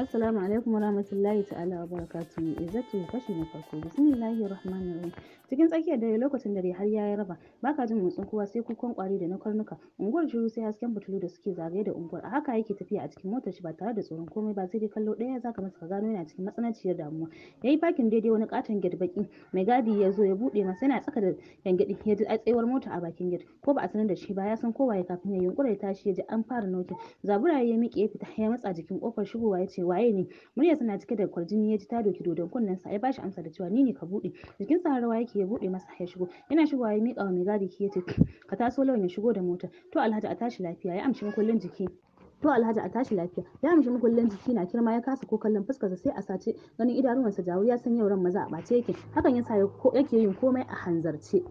Assalamu alaikum warahmatullahi ta'ala wa barakatuhu. Izzatu kashi na farko. Bismillahir rahmanir rahim. Cikin tsakiyar dare lokacin dare har yayi raba. Baka jin motsin kowa sai kukan kwari da na karnuka. Unguwar shiru sai hasken fitilu da suke zagaye da unguwar. A haka yake tafiya a cikin motar shi ba tare da tsoron komai ba sai dai kallo ɗaya zaka masa ka gano yana cikin matsananciyar damuwa. Yayi fakin daidai wani katon gate baki. Mai gadi ya zo ya bude masa yana tsaka da yangadi ya ji tsayuwar mota a bakin gate. Ko ba a sanar da shi ba ya san kowa ya kafin ya yunkura ya tashi ya ji an fara nokin. Zabura ya miƙe ya fita ya matsa jikin kofar shigowa ya ce waye ne muryar tana cike da kwarjini ya ji ta doki dodon kunnen sa ya bashi amsa da cewa ni ne ka bude jikin sa rawa yake ya bude masa ya shigo yana shigo ya mika wa mai gadi ki yace ka taso lawan ya shigo da mota to Alhaji a tashi lafiya ya amshi makullin jiki to alhaji a tashi lafiya ya amshi makullin jiki na kirma ya kasa ko kallon fuskarsa sai a sace ganin idanuwansa jawo ya san yau ran maza a bace yake hakan yasa yake yin komai a hanzarce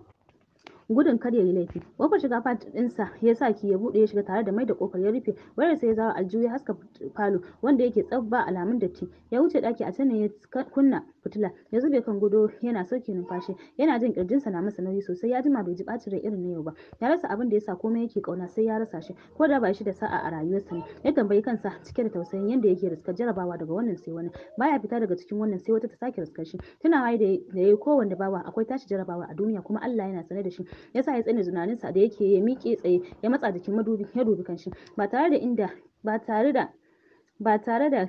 gudun kar yayi laifi kofar shiga fat ɗinsa ya sa ki ya buɗe ya shiga tare da mai da kofar ya rufe wayar sai ya zawo aljihu ya haska falo wanda yake tsabba alamun datti ya wuce ɗaki a can ya kunna fitila ya zube kan gudo yana sauke numfashi yana jin kirjinsa na masa nauyi sosai ya jima bai ji bacin da irin na yau ba ya rasa abin da yasa komai yake kauna sai ya rasa shi ko da ba shi da sa'a a rayuwarsa ne ya tambayi kansa cike da tausayin yadda yake riskar jarabawa daga wannan sai wani baya fita daga cikin wannan sai wata ta sake riskar shi wai da yayi kowanne bawa akwai tashi jarabawa a duniya kuma Allah yana sane da shi yasa ya tsane zunaninsa da yake ya miƙe tsaye ya matsa jikin madubi ya dubi kanshi ba tare da inda ba tare da ba tare da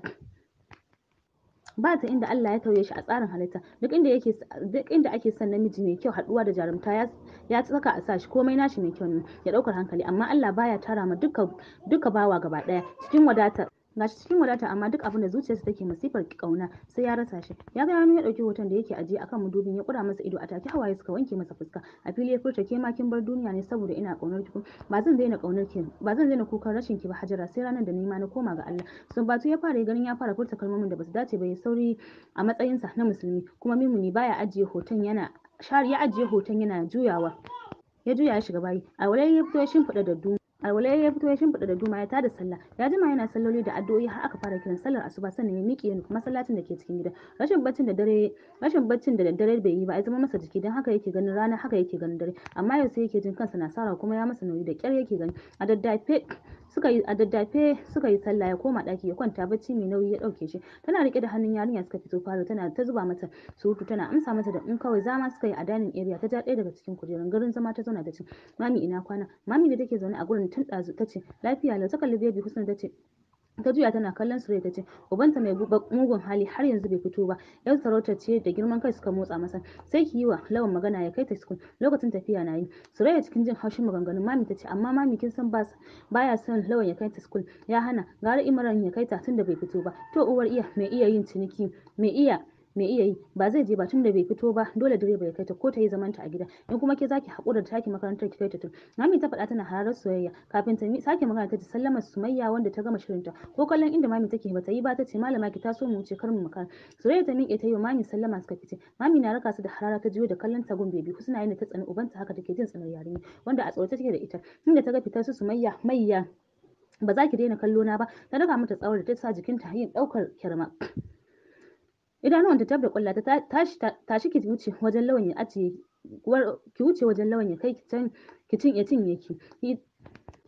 ba ta inda Allah ya tauye shi a tsarin halitta duk inda yake duk inda ake son namiji mai kyau haduwa da jarumta ya ya tsaka a sashi komai nashi mai kyau ne ya ɗaukar hankali amma Allah baya tara ma duka duka bawa gaba daya cikin wadatar ga shi cikin wadata amma duk abin da zuciyarsa take masifar kauna sai ya rasa shi ya ga hannu ya dauki hoton da yake ajiye akan mudubin ya kura masa ido a take hawaye suka wanke masa fuska a fili ya furta ke ma bar duniya ne saboda ina kaunar ki ba zan daina kaunar ki ba zan daina kukan rashin ki ba hajara sai ranar da ni na koma ga Allah sun batu ya fara ganin ya fara furta kalmomin da basu dace ba ya sauri a matsayin sa na musulmi kuma mimuni baya ajiye hoton yana ya ajiye hoton yana juyawa ya juya ya shiga bayi a wurin ya fito ya shimfiɗa da alwala ya fito ya shimfiɗa da duma ya tada sallah ya jima yana salloli da addu'o'i har aka fara kiran sallar asuba sannan ya miƙe ya nufi masallacin da ke cikin gida rashin baccin da dare rashin baccin da daddare bai yi ba ya zama masa jiki don haka yake ganin rana haka yake ganin dare amma yau sai yake jin kansa na sara kuma ya masa nauyi da ƙyar yake gani a daddafe suka yi a daddafe suka yi sallah ya koma ɗaki ya kwanta bacci mai nauyi ya ɗauke shi tana riƙe da hannun yarinya suka fito falo tana ta zuba mata surutu tana amsa mata da in kawai zama suka yi a dining area ta ja ɗaya daga cikin kujerun garin zama ta zauna ta ce mami ina kwana mami da take zaune a gurin tun ɗazu ta ce lafiya lau ta kalli baby husna ta ce ta juya tana kallon Surya ta ubanta mai mugun hali har yanzu bai fito ba yau sarauta ce da girman kai suka motsa masa sai ki yi wa lawan magana ya kai ta cikin lokacin tafiya na yi Surya cikin jin haushin maganganun mami ta amma mami kin san ba baya son lawan ya kai ta sukun ya hana gara imran ya kai ta tunda bai fito ba to uwar iya mai iya yin ciniki mai iya me iya yi ba zai je ba tun da bai fito ba dole direba ya kai ta ko ta yi zaman ta a gida in kuma ke zaki hakura da taki makarantar ki kai ta tun mi ta faɗa tana hararar soyayya kafin ta sake magana ta ji sallamar sumayya wanda ta gama shirin ta ko kallon inda mami take ba ta yi ba ta ce malama ki taso mu wuce kar mu makara soyayya ta miƙe ta yi mami sallama suka fice mami na raka su da harara ta jiyo da kallon tagun bebi husna yana ta tsani ubanta haka take jin tsanar yarinya wanda a tsorace take da ita inda ta ga fitar su sumayya mayya ba za ki daina kallo na ba ta daga mata tsawar da ta sa jikinta yin ɗaukar kirma idanuwan ta da kulla ta tashi tashi ki wuce wajen lawan ya ajiye ki wuce wajen lawan ya kai ki can ki cinye cinye ki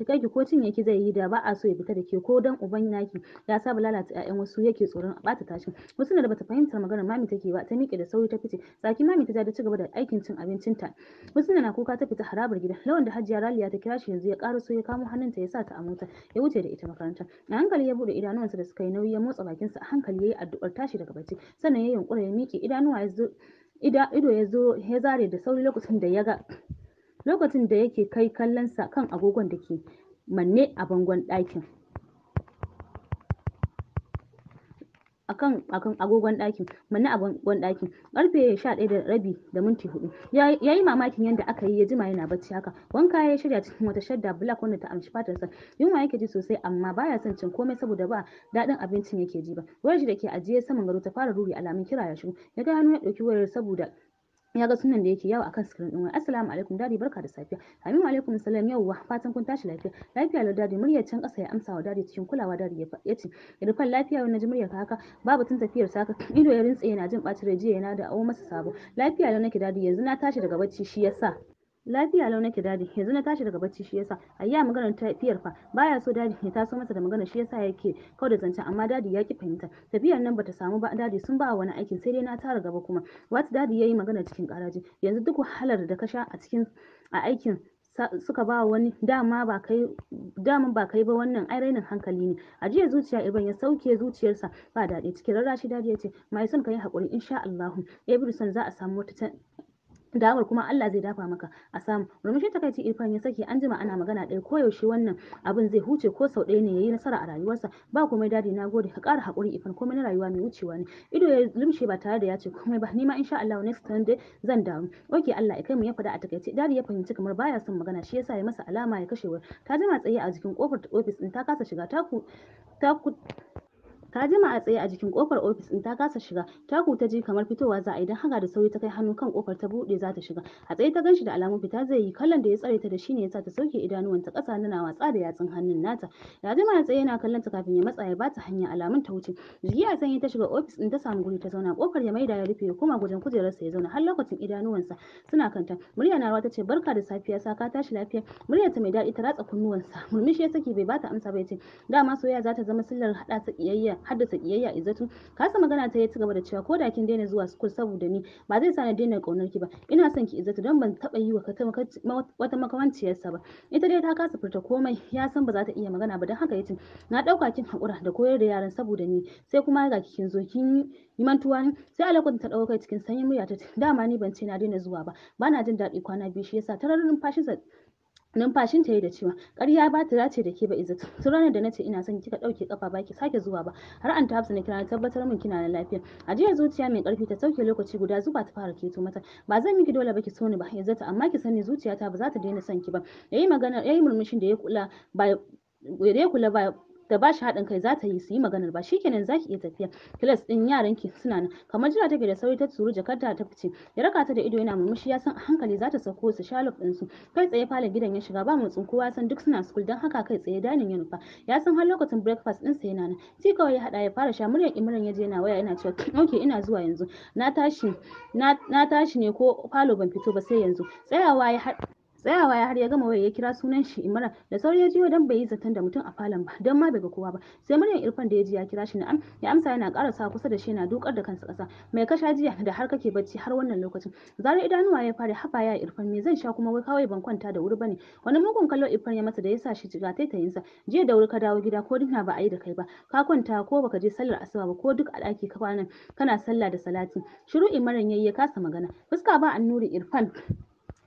fita ki ko cinye ki zai yi da ba a so ya fita da ke ko dan uban naki ya saba lalata ƴaƴan wasu yake tsoron bata tashi wasu da bata fahimtar maganar mami take ba ta miƙe da sauri ta fice saki mami ta da gaba da aikin cin abincin ta wasu na kuka ta fita harabar gida lawan da hajiya raliya ta kira shi yanzu ya ƙara so ya kamo hannunta ya sa ta a mota ya wuce da ita makaranta a hankali ya bude idanuwansa da suka yi nauyi ya motsa bakinsa a hankali ya yi addu'ar tashi daga bacci sannan ya yunkura ya miƙe idanuwa ya zo ido ya zo ya zare da sauri lokacin da ya ga lokacin da yake kai kallonsa kan agogon da ke manne a bangon ɗakin akan akan agogon ɗakin manne a bangon ɗakin karfe ɗaya da rabi da minti hudu yayi mamakin yadda aka yi ya jima yana bacci haka wanka ya shirya cikin wata shadda black wanda ta amshi fatarsa yunwa yake ji sosai amma baya son cin komai saboda ba daɗin abincin yake ji ba wayar shi da ke ajiye saman gado ta fara ruri alamun kira ya shigo ya ga hannu ya ɗauki wayar saboda ya ga sunan da yake yawa akan screen din waya assalamu alaikum dadi barka da safiya amin alaikum salam yauwa fatan kun tashi lafiya lafiya lau dadi muryar can kasa ya amsa wa dadi cikin kulawa dadi ya ce irfan lafiya wani ji muryar haka babu tun tafiyar saka ido ya rintse yana jin bacin rai jiya yana da awo masa sabo lafiya lau nake dadi yanzu na tashi daga bacci shi yasa lafiya launa ke dadi yanzu na tashi daga bacci shi yasa ayya maganar tafiyar fa baya so dadi ya taso masa da magana shi yasa yake kawai da zance amma dadi ya ki fahimta tafiyar nan bata samu ba dadi sun ba wani aikin sai dai na tara gaba kuma wat dadi yayi magana cikin karaji yanzu duk wahalar da ka sha a cikin a aikin suka ba wani dama ba kai dama ba kai ba wannan ai rainin hankali ne a jiya zuciya Iban ya sauke zuciyarsa ba daɗi cikin rarrashi dadi ya ce mai son ka yi hakuri insha Allah Ibrison za a samu wata damar kuma Allah zai dafa maka a samu murmushi takaici irfan ya saki an jima ana magana ɗaya yaushe wannan abin zai huce ko sau ɗaya ne yayi nasara a rayuwarsa ba komai dadi na gode ka kara haƙuri irfan komai na rayuwa mai wucewa ne ido ya lumshe ba tare da ya ce komai ba ni ma insha Allah next Sunday zan damu. oke Allah ya kai mu ya faɗa a takaice dadi ya fahimci kamar baya son magana shi yasa ya masa alama ya kashe wayar ta jima tsaye a jikin kofar ofis ɗin ta kasa shiga ta ku ta ku ta jima a tsaye a jikin kofar ofis din ta kasa shiga taku ta ji kamar fitowa za a yi don haka da sauri ta kai hannu kan kofar ta bude za ta shiga a tsaye ta ganshi da alamun fita zai yi kallon da ya tsare ta da shi ya yasa ta sauke idanuwanta kasa nuna watsa da yatsun hannun nata ya jima a tsaye yana kallon ta kafin ya matsa ya bata hanya alamun ta wuce jiki a sanyi ta shiga ofis din ta samu guri ta zauna kofar ya maida ya rufe ya koma gujen kujerarsa ya zauna har lokacin idanuwansa suna kanta murya na rawa ta ce barka da safiya ka tashi lafiya ta mai daɗi ta ratsa kunnuwansa murmushi ya saki bai bata amsa ba ya ce dama soyayya za ta zama sillar haɗa ta kiyayya haddasa kiyayya izzatu kasa magana ta ya ci gaba da cewa ko da kin daina zuwa school saboda ni ba zai sa na daina kaunar ki ba ina son ki izzatu don ban taba yi wa wata makamanciyar sa ba ita dai ta kasa furta komai ya san ba za ta iya magana ba don haka yace na dauka kin hakura da koyar da yaran saboda ni sai kuma ga kin zo kin yi mantuwa ne sai alakwata ta dauka cikin sanyin murya ta dama ni ban ce na daina zuwa ba bana jin daɗi kwana biyu shi yasa tararin fashinsa numfashin ta yi da cewa ƙarya bata dace da ke ba izzat tun ranar da na ce ina son kika ɗauke kafa ba ki sake zuwa ba har an ta hafsa na kira na tabbatar min kina da lafiya a jiya zuciya mai ƙarfi ta sauke lokaci guda zuba ta fara keto mata ba zan miki dole ba ki so ni ba izzat amma ki sani zuciyata ba za ta daina son ki ba yayi magana yayi murmushin da ya kula ba ya kula ba da ba shi haɗin kai za ta yi su yi maganar ba shikenan za ki iya tafiya kilas ɗin yaran ki suna nan kamar jira take da sauri ta tsuru jakarta ta fice ya raka ta da ido yana murmushi ya san a hankali za ta sako su shalof ɗin su kai tsaye falon gidan ya shiga ba motsin kowa san duk suna school don haka kai tsaye danin ya nufa ya san har lokacin breakfast ɗin sa yana nan ci kawai ya haɗa ya fara sha muryar imiran ya je yana waya yana cewa ok ina zuwa yanzu na tashi na tashi ne ko falo ban fito ba sai yanzu tsayawa ya tsayawa ya har ya gama waya ya kira sunan shi imara da sauri ya jiyo dan bai yi zaton da mutum a falon ba don ma bai ga kowa ba sai muryar irfan da ya ji ya kira shi na'am ya amsa yana karasa kusa da shi yana dukar da kansa kasa mai kasha jiya da har kake bacci har wannan lokacin zarar idanuwa ya fara hafa ya irfan me zan sha kuma wai kawai ban kwanta da wuri bane wani mugun kallo irfan ya masa da ya sa shi jiga taitayinsa jiya da wuri ka dawo gida ko dinna ba a yi da kai ba ka kwanta ko baka je sallar asuba ba ko duk a ɗaki ka kwanan kana sallah da salati shiru imaran yayi ya kasa magana fuska ba annuri irfan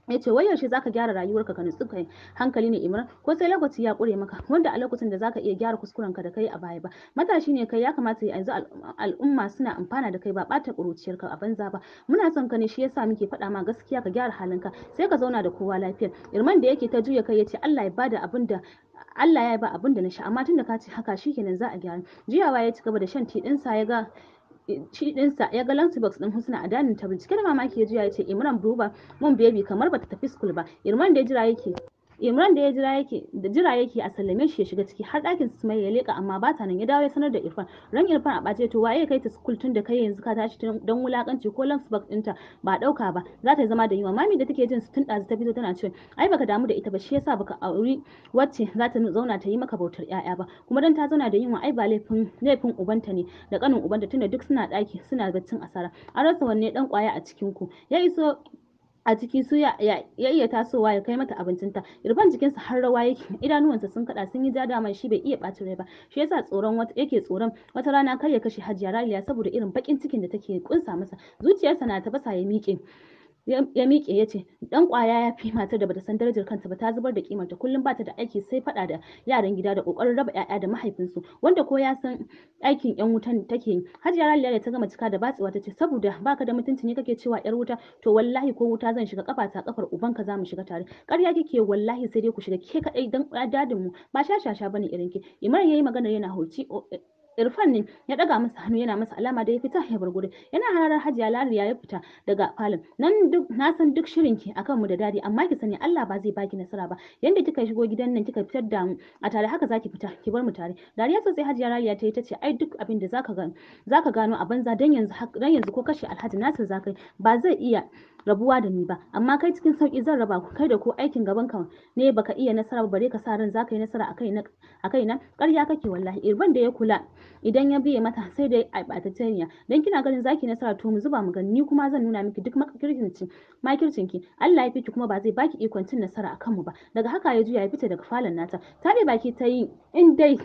ya ce wai yaushe zaka gyara rayuwarka ka nutsu kai hankali ne imran ko sai lokaci ya kure maka wanda a lokacin da zaka iya gyara kuskurenka da kai a baya ba matashi ne kai ya kamata yanzu al'umma suna amfana da kai ba bata ka a banza ba muna son ka ne shi yasa muke faɗa ma gaskiya ka gyara halinka sai ka zauna da kowa lafiya irman da yake ta juya kai yace Allah ya bada abin da Allah ya ba abin da na sha amma tunda ka ce haka shikenan za a gyara jiyawa ya ci gaba da shan ti ya ga shi dinsa ya ga lunchbox din Husna a danin ta bincike da mamaki ya juya ya ce Imran duba mun baby kamar bata tafi school ba Irman da jira yake Imran da ya jira yake da jira yake a sallame shi ya shiga ciki har ɗakin mai ya leka amma ba ta nan ya dawo ya sanar da Irfan. Ran Irfan a ɓace to waye kai ta school tun da kai yanzu ka tashi don wulakanci ko lunch bag ɗinta ba ɗauka ba za ta zama da yunwa mami da take jin su tun ɗazu ta fito tana cewa ai baka damu da ita ba shi yasa baka auri wacce za ta zauna ta yi maka bautar yaya ba kuma dan ta zauna da yunwa ai ba laifin laifin ubanta ne da kanin ubanta tunda duk suna daki suna baccin asara an rasa wanne dan kwaya a cikin ku ya iso a ciki su ya iya tasowa ya kai mata abincinta irfan jikinsa har rawa yake idanuwansa sun kada sun yi ja dama shi bai iya bacin rai ba shi yasa tsoron wata yake tsoron wata rana kar ya kashe hajiya raliya saboda irin bakin cikin da take kunsa masa zuciyarsa na ta basa ya miƙe ya miƙe ya ce ɗan ƙwaya ya fi matar da bata san darajar kanta ba ta zubar da kimarta kullum bata da aiki sai faɗa da yaran gida da ƙoƙarin raba ƴaƴa da mahaifinsu wanda ko ya san aikin ƴan wutan take yi hajiya raliya da ta gama cika da batsewa ta ce saboda baka da mutunci ne kake cewa ƴar wuta to wallahi ko wuta zan shiga kafa ta kafar ubanka za mu shiga tare ƙarya kike wallahi sai dai ku shiga ke kaɗai dan dadin mu ba shashasha bane irin ki imar yayi magana yana hoci Irfan ne ya daga masa hannu yana masa alama da ya fita ya bar gurin. Yana hararar Hajiya Lariya ya fita daga falon. Nan duk na san duk shirin ki akan mu da dadi amma ki sani Allah ba zai baki nasara ba. Yanda kika shigo gidan nan kika fitar da mu a tare haka zaki fita ki bar mu tare. Dariya sosai Hajiya Lariya ta yi tace ai duk abin da zaka gano zaka gano a banza dan yanzu dan yanzu ko kashe Alhaji Nasir zaka ba zai iya rabuwa da ni ba amma kai cikin sauki zan raba ku kai da ko aikin gaban ka ne baka iya nasara ba bare ka sa ran zaka yi nasara akai na akai na ƙarya kake wallahi irban da ya kula idan ya biye mata sai dai a niya don kina ganin zaki nasara to mu zuba mu gani ni kuma zan nuna miki duk makircinki makircinki Allah ya fiki kuma ba zai baki ikon cin nasara akan mu ba daga haka ya juya ya fita daga falon nata taɓe baki ta yi in dai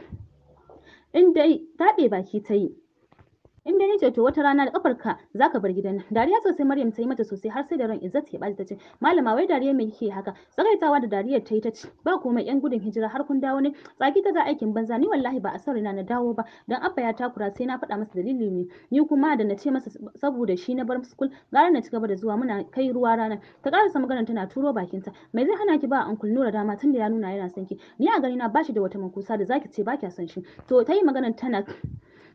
in dai baki ta yi in dai nace to wata rana da kafarka zaka bar gidan nan dariya sosai Maryam ta yi mata sosai har sai da ran Izzat ya bata ce malama wai dariya me kike haka tsagaitawa da dariyar ta yi ta ce ba komai yan gudun hijira har kun dawo ne tsaki ta ga aikin banza ni wallahi ba a san na dawo ba dan abba ya takura sai na faɗa masa dalili ne ni kuma da na ce masa saboda shi na bar school gara na ci gaba da zuwa muna kai ruwa rana ta karasa maganar tana turo bakinta mai zai hana ki ba ankul Nura dama tunda ya nuna yana son ki ni a gani na bashi da wata mankusa da zaki ce ba kya son shi to ta yi maganar tana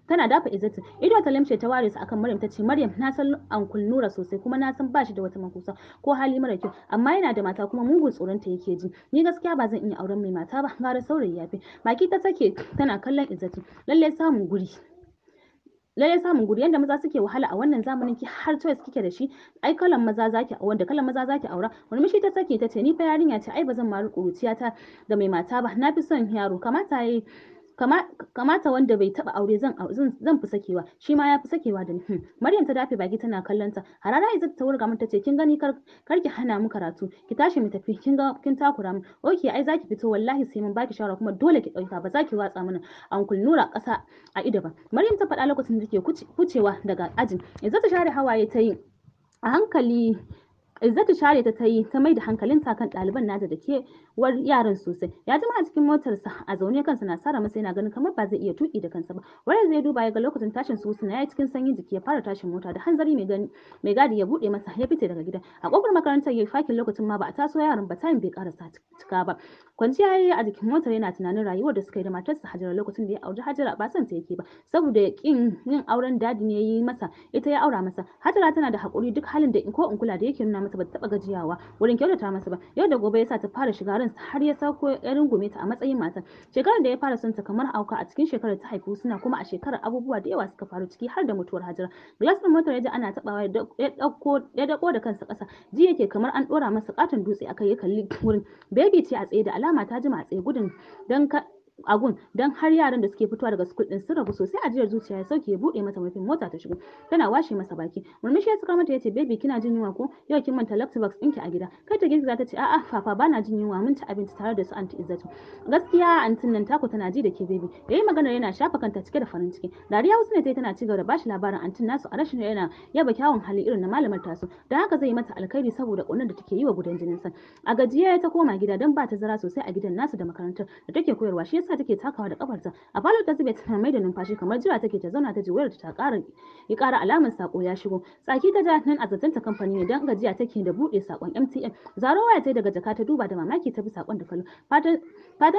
tana dafa izzatu ido ta lamce ta ware su akan maryam ta ce maryam na san ankul nura sosai kuma na san bashi da wata makusa ko hali mara kyau amma yana da mata kuma mugun tsoron ta yake ji ni gaskiya ba zan iya auren mai mata ba gara saurayi yafi baki ta sake tana kallon izzatu lallai samun guri lalle samun guri yanda maza suke wahala a wannan zamanin ki har choice kike da shi ai kalan maza zaki wanda kalan maza zaki aura mishi ta sake ta ce ni fa yarinya ce ai bazan ma kuruciya ta ga mai mata ba na fi son yaro kamata yayi kamata wanda bai taba aure zan zan fi sakewa shi ma ya fi sakewa da ni hmm. Maryam ta dafe baki tana kallon ta Harara Izzat ta wurga mata ce kin gani kar ki hana mu karatu ki tashi mu tafi kin ga kin takura mu okay ai zaki fito wallahi sai mun baki shawara kuma dole ki dauka ba zaki watsa mana ankul nura kasa a ido ba Maryam ta faɗa lokacin da take kucewa daga ajin Izzat ta share hawaye ta yi a hankali Izzatu share ta ta yi ta mai da hankalinta kan ɗaliban nata da ke yaran sosai. Ya jima a cikin motarsa a zaune kansa na sara masa yana ganin kamar ba zai iya tuki da kansa ba. wani zai duba ya ga lokacin tashin su na yayi cikin sanyin jiki ya fara tashin mota da hanzari mai gani mai gadi ya bude masa ya fice daga gida A kofar makarantar yayi fakin lokacin ma ba a taso yaran ba tayin bai karasa cika ba. Kwanciya yayi a jikin motar yana tunanin rayuwar da suka yi da matarsa Hajara lokacin da ya auri Hajara ba son ta yake ba saboda kin yin auren dadi ne yayi masa ita ya aura masa. Hajara tana da hakuri duk halin da ko in kula da yake nuna masa ba taba gajiyawa wurin kyautata masa ba yau da gobe yasa ta fara shiga ran har ya sako ya rungume ta a matsayin mata shekarar da ya fara son ta kamar auka a cikin shekarar ta haifu suna kuma a shekarar abubuwa da yawa suka faru ciki har da mutuwar hajara glass din motar ya ji ana tabawa ya ya dako da kansa kasa ji yake kamar an dora masa katon dutse akai ya kalli wurin baby ce a tsaye da alama ta jima a tsaye gudun dan agun don har yaran da suke fitowa daga school din sun ragu sosai ajiyar zuciya ya sauke ya bude mata mafi mota ta shigo tana washe masa baki murmushi ya tsakar mata yace baby kina jin yunwa ko yau kin manta laptop box ɗinki a gida kai ta girgiza ta ce a'a fafa bana jin yunwa mun ci abinci tare da su anti izzatu gaskiya antin nan taku tana ji da ke baby yayi magana yana shafa kanta cike da farin ciki dariya wasu ne tai tana cigaba da bashi labarin antin nasu a rashin yana yaba kyawun hali irin na malamar tasu don haka zai yi mata alkhairi saboda kunnan da take yi wa gudan jinin sa a gajiya ta koma gida don ba ta zara sosai a gidan nasu da makarantar da take koyarwa shi yasa take takawa da kafarta a falon ta zube ta mai da numfashi kamar jira take ta zauna ta ji wayar ta ƙara ya kara alamar sako ya shigo tsaki ta ja nan a ta kamfani ne dan gajiya take da buɗe sakon MTN zaro waya ta daga jaka ta duba da mamaki ta bi sakon da kallo fatan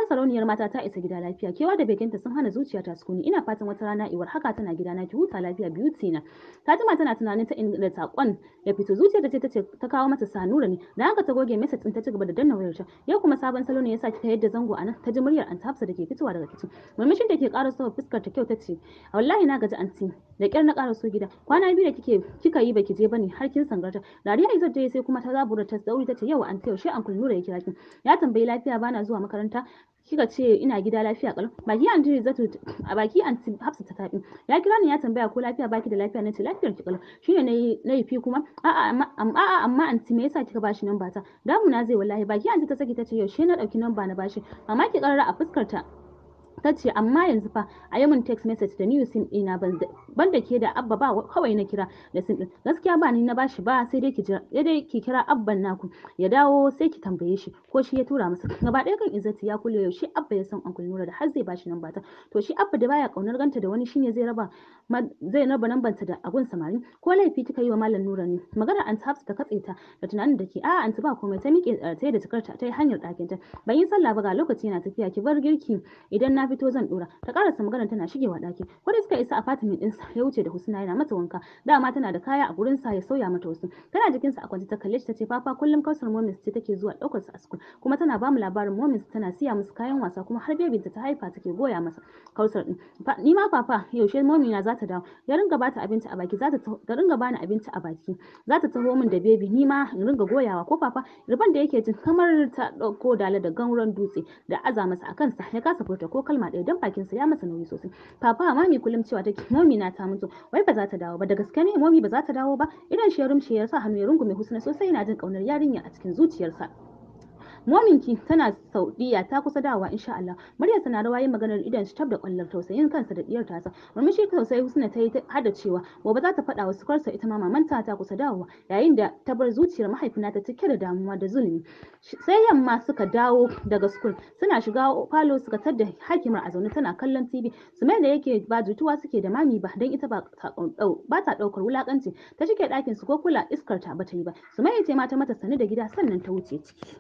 saloniyar mata ta isa gida lafiya kewa da bekinta sun hana zuciya ta sukuni ina fatan wata rana iwar haka tana gida na ki huta lafiya beauty na Fatima tana tunanin ta da sakon ya fito zuciya ta ce ta ce ta kawo mata sanura ne da haka ta goge mai din ta ci gaba da danna wayar ta yau kuma sabon salo ne saki ta yadda zango nan ta ji muryar an tafsa da ke fitowa daga kicin murmushin da ke ƙara sowa fuskar ta kyau ta ce wallahi na gaji anti da ƙyar na ƙara so gida kwana biyu da kike kika yi baki je ba ne har kin sangarta dariya izar je sai kuma ta zabura ta sauri ta ce yau anti yaushe an kullu ya kira kin ya tambayi lafiya bana zuwa makaranta kika ce ina gida lafiya kalau baki anti zatu a baki anti hafsa ta tafi ya kira ni ya tambaya ko lafiya baki da lafiya nace lafiyar ki kalau shine nayi nayi fi kuma a'a a amma anti me yasa kika bashi namba ta damu na zai wallahi baki anti ta saki tace yaushe na dauki namba na bashi amma ki karara a fuskar ta ta ce amma yanzu fa a yi yamin text message da new sim ɗina ban da ke da abba ba kawai na kira da sim ɗin gaskiya ba ni na bashi ba sai dai ki jira dai ki kira abban naku ya dawo sai ki tambaye shi ko shi ya tura masa gaba ɗaya kan izzati ya yau shi abba ya san uncle nura da har zai bashi namba ta to shi abba da baya kaunar ganta da wani shine zai raba zai raba nambanta da agun samari ko laifi kika yi wa malam nura ne magana an ta ta katse ta da tunanin da ke a an ba komai ta miƙe eh, tsaye da takarta ta hanyar ɗakin ta ban yi sallah ba ga lokaci na tafiya ki bar girki idan na fi fito zan dora ta karasa maganar tana shigewa daki kwari suka isa a apartment ɗinsa ya wuce da Husna yana mata wanka dama tana da kaya a gurin sa ya sauya mata wasu tana jikinsa sa a kwance ta kalle shi tace papa kullum kausar moments ce take zuwa daukar sa a kuma tana ba mu labarin moments tana siya musu kayan wasa kuma har bebinta ta haifa take goya masa kausar din ni ma papa yaushe mommy na za ta dawo ya ringa bata abinci a baki za ta ringa bani abinci a baki za ta taho min da bebi ni ma in ringa goyawa ko papa riban da yake jin kamar ta dauko dala da gauran dutse da aza masa akan sa ya kasa furta ko kala kalma ɗaya don sa ya masa nauyi sosai papa mai kullum cewa take momi na ta mutu wai ba za ta dawo ba da gaske ne momi ba za ta dawo ba idan shi ya rumshe ya sa hannu ya rungume husna sosai yana jin kaunar yarinya a cikin zuciyarsa mominki tana saudiya ta kusa dawa insha Allah murya tana rawa yin maganar idan shi tab da kwallar tausayin kansa da diyar tasa murmushi tausayi husna ta yi hada cewa gobe za ta faɗa wa sukarsa ita ma mamanta ta kusa dawowa yayin da ta bar zuciyar mahaifina ta cike da damuwa da zulumi sai yamma suka dawo daga school suna shiga falo suka tadda hakimar a zaune tana kallon tv su mai da yake ba jituwa suke da mami ba dan ita ba ta daukar wulakanci ta shike ɗakin su ko kula iskar ta bata yi ba su mai ce mata mata sani da gida sannan ta wuce ciki